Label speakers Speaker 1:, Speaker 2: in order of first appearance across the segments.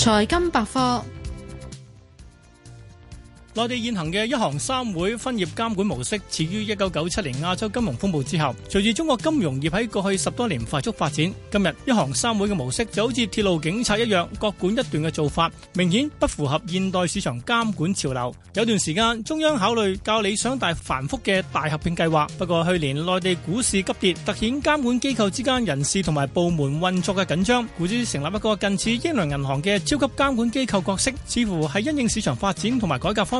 Speaker 1: 財金百科。
Speaker 2: 內地現行嘅一行三會分業監管模式，始於一九九七年亞洲金融風暴之後。隨住中國金融業喺過去十多年快速發展，今日一行三會嘅模式就好似鐵路警察一樣，各管一段嘅做法，明顯不符合現代市場監管潮流。有段時間，中央考慮較理想但繁複嘅大合併計劃，不過去年內地股市急跌，凸顯監管機構之間人事同埋部門運作嘅緊張。故此，成立一個近似英倫銀行嘅超級監管機構角色，似乎係因應市場發展同埋改革方。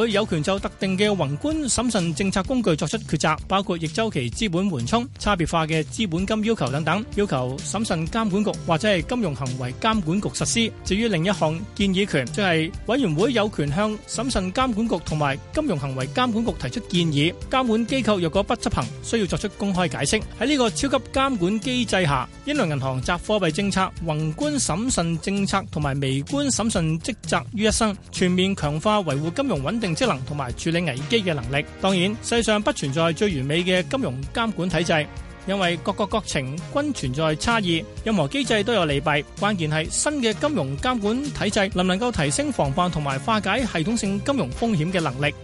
Speaker 2: 佢有權就特定嘅宏觀審慎政策工具作出抉擇，包括逆周期資本緩衝、差別化嘅資本金要求等等，要求審慎監管局或者係金融行為監管局實施。至於另一項建議權，就係、是、委員會有權向審慎監管局同埋金融行為監管局提出建議，監管機構若果不執行，需要作出公開解釋。喺呢個超級監管機制下，英倫銀行集貨幣政策、宏觀審慎政策同埋微觀審慎職，職責於一身，全面強化維護金融穩定。職能同埋處理危機嘅能力，當然，世上不存在最完美嘅金融監管體制，因為各個國情均存在差異，任何機制都有利弊，關鍵係新嘅金融監管體制能唔能夠提升防範同埋化解系統性金融風險嘅能力。